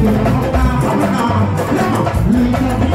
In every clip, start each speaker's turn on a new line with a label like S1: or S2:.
S1: Thank you.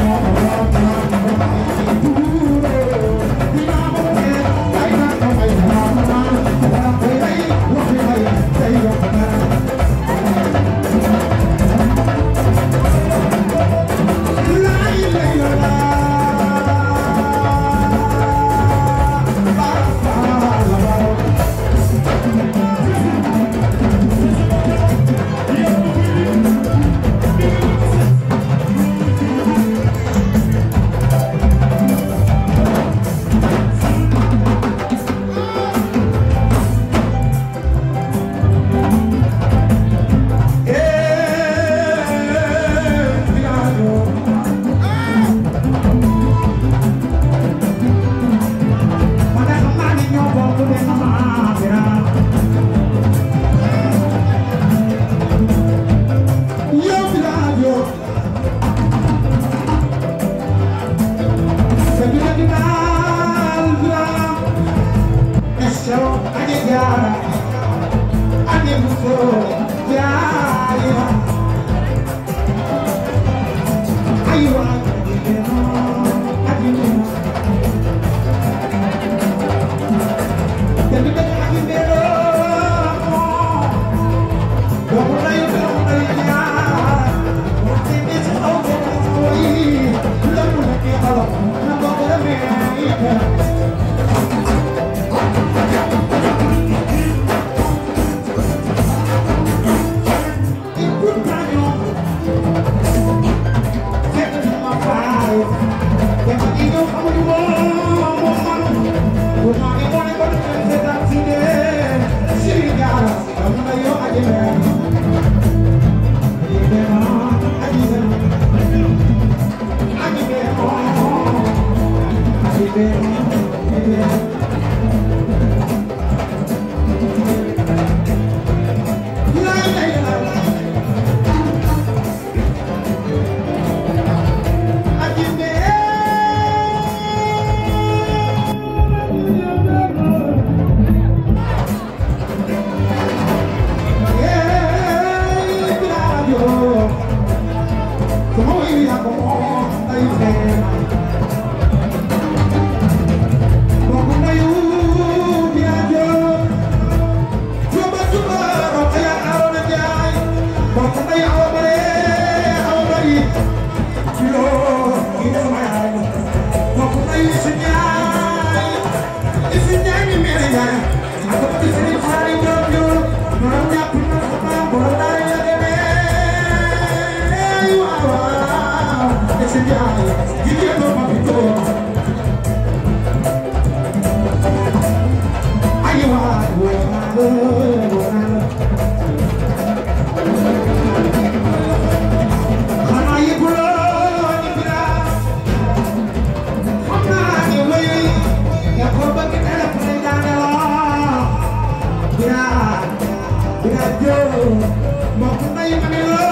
S1: Yeah. Jóob mbokk tey ma ne la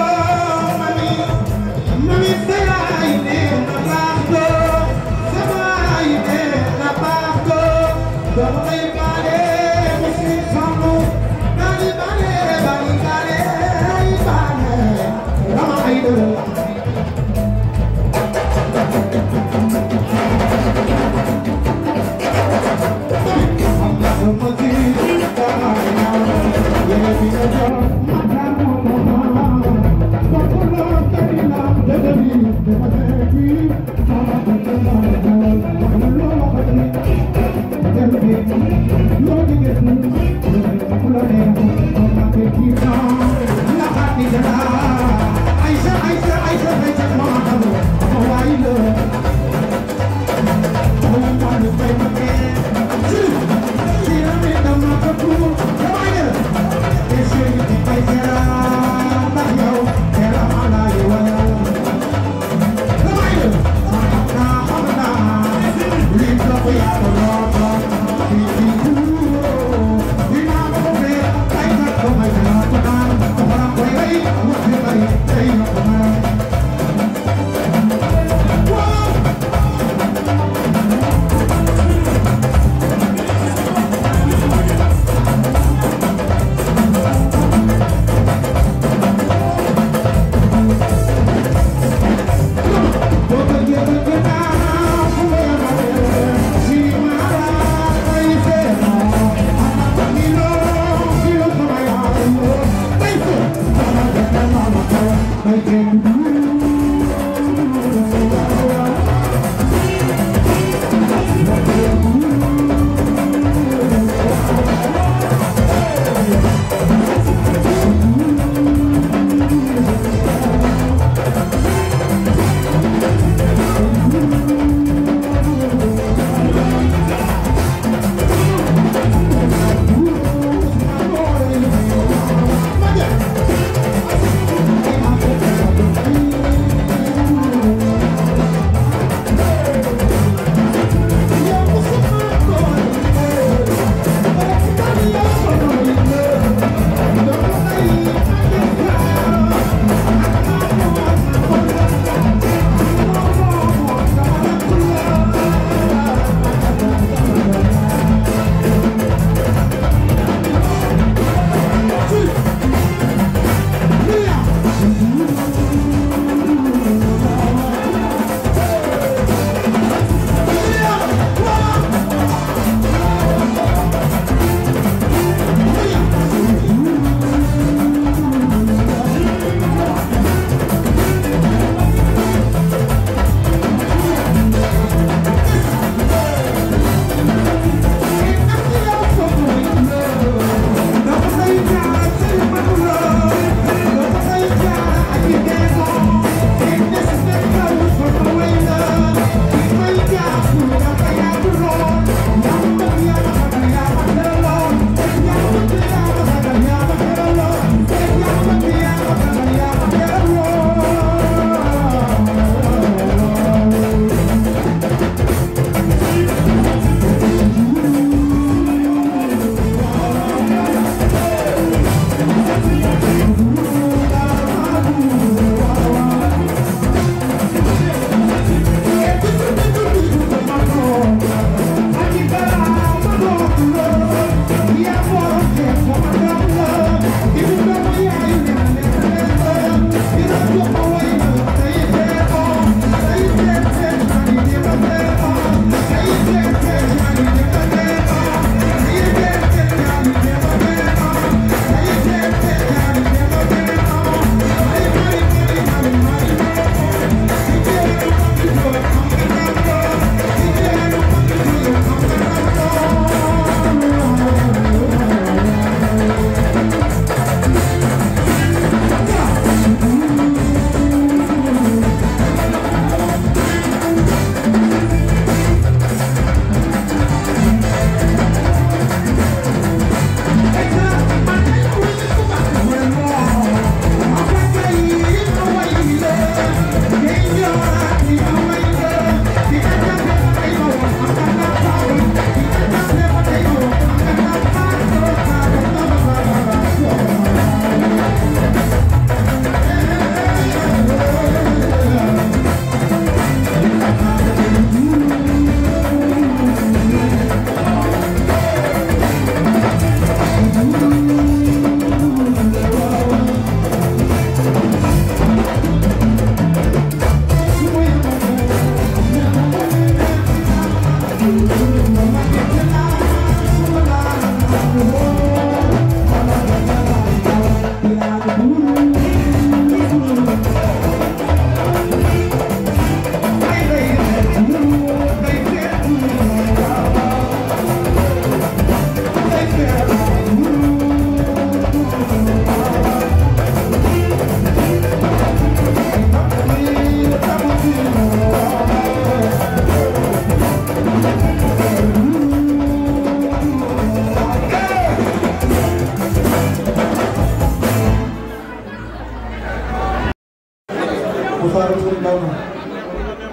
S1: ndawna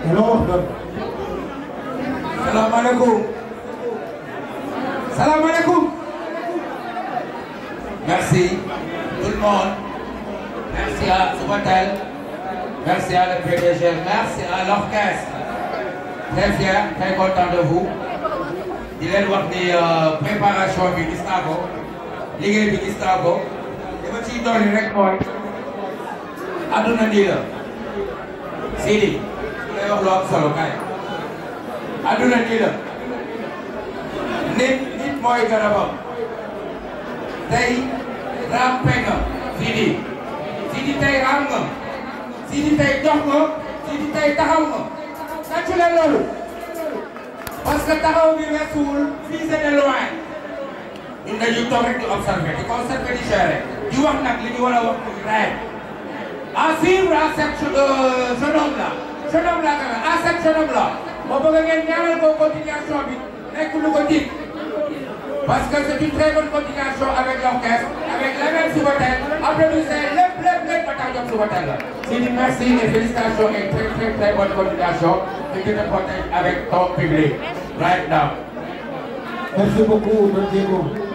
S1: eno waxtan salaamaaleykum salaamaaleykum merci tout le monde merci à Soubatel merci à le PDG merci à l'orchestre très fier très di leen wax ni euh, préparation bi gis liggéey bi gis naa ko li ma ciy dolli rek mooy adduna nii Sidi ngay wax lu am solo kaay adduna nit nit mooy garabam tey rampe nga Sidi Sidi tey am nga Sidi tey dox nga Sidi tey taxaw nga tàccu leen loolu parce que taxaw bi weesuwul fii seen loin ñun dañuy toog rek di observer di conserver di gérer di wax nag li ñu war a à suivre à cette jeune homme là jeune homme là à cette jeune homme là ma bëgg ngeen nekk lu ko jiit parce que c'est une très avec l'orchestre avec la même Subatel applaudissez lépp lépp lépp ba tax jom Subatel la. di di merci et félicitations et très très très bonne continuation di gën a porter avec ton public right now.